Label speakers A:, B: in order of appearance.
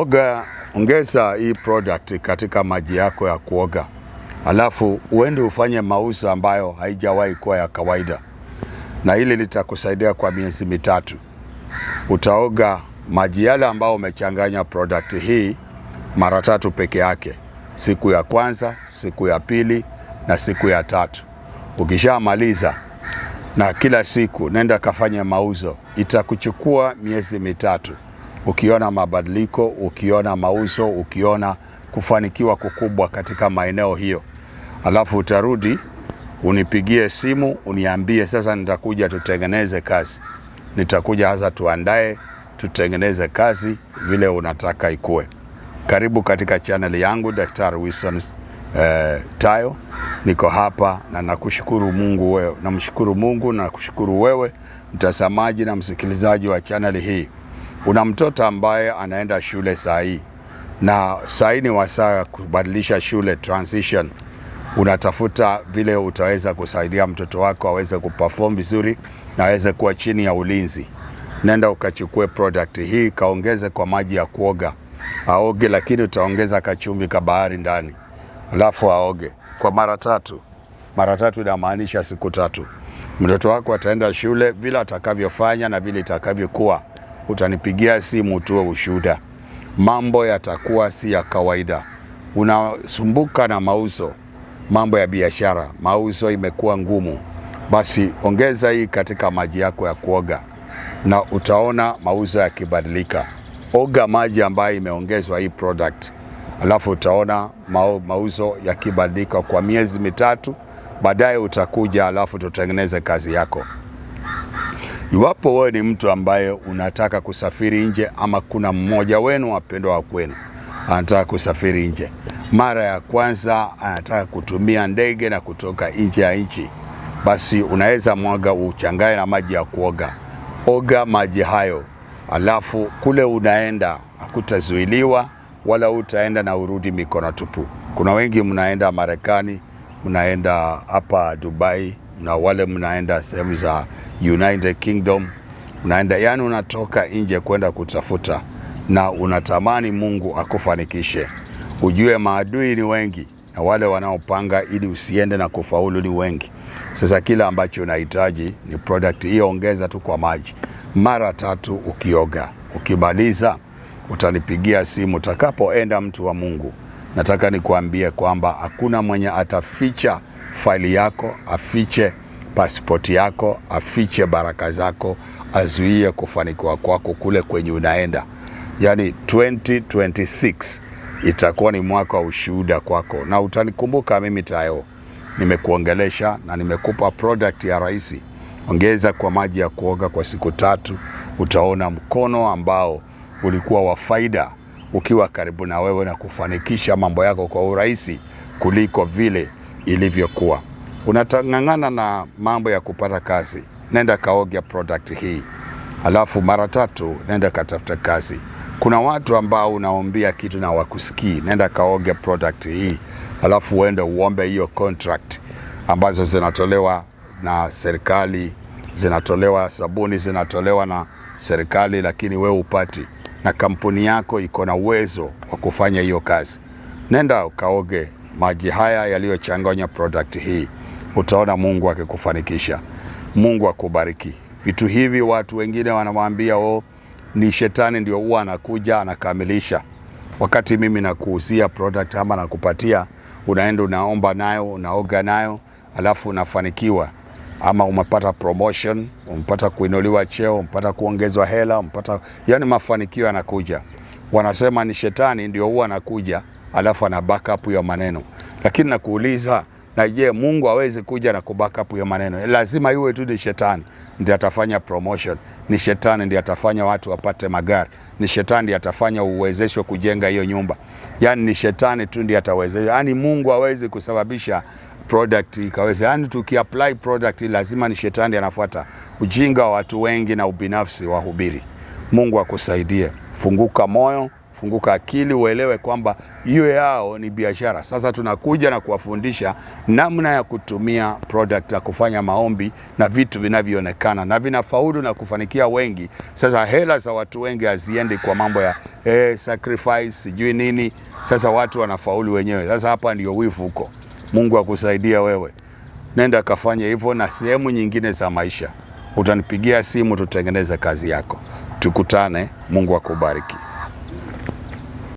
A: Oga, ongeza hii product katika maji yako ya kuoga, alafu uende ufanye mauzo ambayo haijawahi kuwa ya kawaida, na hili litakusaidia kwa miezi mitatu. Utaoga maji yale ambayo umechanganya product hii mara tatu peke yake, siku ya kwanza, siku ya pili na siku ya tatu. Ukishamaliza na kila siku nenda kafanya mauzo, itakuchukua miezi mitatu ukiona mabadiliko, ukiona mauzo, ukiona kufanikiwa kukubwa katika maeneo hiyo, alafu utarudi unipigie simu uniambie, sasa nitakuja tutengeneze kazi, nitakuja hasa tuandae tutengeneze kazi vile unataka ikue. Karibu katika chaneli yangu Daktari Wilson eh, Tayo. Niko hapa na nakushukuru Mungu wewe, namshukuru Mungu na kushukuru wewe mtazamaji na msikilizaji wa chaneli hii una mtoto ambaye anaenda shule hii na hii ni wasaa kubadilisha shule transition. Unatafuta vile utaweza kusaidia mtoto wako aweze kuperform vizuri na aweze kuwa chini ya ulinzi. Nenda ukachukue product hii, kaongeze kwa maji ya kuoga, aoge, lakini utaongeza kachumbi ka bahari ndani, alafu aoge kwa mara tatu. Mara tatu inamaanisha siku tatu. Mtoto wako ataenda shule vile atakavyofanya na vile itakavyokuwa utanipigia simu utoe ushuhuda. Mambo yatakuwa si ya kawaida. Unasumbuka na mauzo, mambo ya biashara, mauzo imekuwa ngumu, basi ongeza hii katika maji yako ya kuoga na utaona mauzo yakibadilika. Oga maji ambayo imeongezwa hii product, alafu utaona mauzo yakibadilika kwa miezi mitatu. Baadaye utakuja, alafu tutengeneze kazi yako. Iwapo wewe ni mtu ambaye unataka kusafiri nje ama kuna mmoja wenu wapendwa wa kwenu anataka kusafiri nje, mara ya kwanza anataka kutumia ndege na kutoka nje ya nchi, basi unaweza mwaga uchanganye na maji ya kuoga, oga maji hayo, alafu kule unaenda hakutazuiliwa wala utaenda na urudi mikono tupu. Kuna wengi mnaenda Marekani, mnaenda hapa Dubai na wale mnaenda sehemu za United Kingdom, unaenda yani, unatoka nje kwenda kutafuta na unatamani Mungu akufanikishe. Ujue maadui ni wengi na wale wanaopanga ili usiende na kufaulu ni wengi. Sasa kila ambacho unahitaji ni product hiyo, ongeza tu kwa maji mara tatu ukioga. Ukimaliza utanipigia simu. Utakapoenda mtu wa Mungu, nataka nikuambie kwamba hakuna mwenye ataficha faili yako, afiche pasipoti yako, afiche baraka zako, azuie kufanikiwa kwako kule kwenye unaenda. yani 2026 itakuwa ni mwaka wa ushuhuda kwako, na utanikumbuka mimi Tayo. Nimekuongelesha na nimekupa product ya rahisi. Ongeza kwa maji ya kuoga kwa siku tatu, utaona mkono ambao ulikuwa wa faida ukiwa karibu na wewe na kufanikisha mambo yako kwa urahisi kuliko vile ilivyokuwa. Unatang'ang'ana na mambo ya kupata kazi, nenda kaoga product hii, alafu mara tatu nenda katafuta kazi. Kuna watu ambao unaombia kitu na wakusikii, nenda kaoga product hii, alafu uende uombe hiyo contract ambazo zinatolewa na serikali, zinatolewa sabuni, zinatolewa na serikali, lakini we upati na kampuni yako iko na uwezo wa kufanya hiyo kazi, nenda ukaoge maji haya yaliyochanganywa product hii, utaona Mungu akikufanikisha. Mungu akubariki. Vitu hivi watu wengine wanamwambia oh, ni shetani ndio huwa anakuja anakamilisha, wakati mimi nakuhusia product ama nakupatia, unaenda unaomba nayo unaoga nayo alafu unafanikiwa ama umepata promotion, umepata kuinuliwa cheo, umepata kuongezwa hela, umepata yani, mafanikio yanakuja. Wanasema ni shetani ndio huwa anakuja, alafu ana backup ya maneno. Lakini nakuuliza na je, Mungu awezi kuja na kubaka hiyo maneno? Lazima iwe tu ni shetani ndiye atafanya promotion, ni shetani ndiye atafanya watu wapate magari, ni shetani ndiye atafanya uwezeshwe kujenga hiyo nyumba. Yaani ni shetani tu ndiye atawezesha, yaani Mungu awezi kusababisha product ikaweza. Yaani tukiapply product lazima ni shetani anafuata. Ujinga wa watu wengi na ubinafsi wa hubiri. Mungu akusaidie, funguka moyo funguka akili uelewe kwamba hiyo yao ni biashara. Sasa tunakuja na kuwafundisha namna ya kutumia product na kufanya maombi na vitu vinavyoonekana na vinafaulu na kufanikia wengi. Sasa hela za watu wengi haziendi kwa mambo ya eh, sacrifice sijui nini. Sasa watu wanafaulu wenyewe. Sasa hapa ndio wivu huko. Mungu akusaidia wewe, nenda kafanya hivyo na sehemu nyingine za maisha. Utanipigia simu tutengeneze kazi yako, tukutane. Mungu akubariki.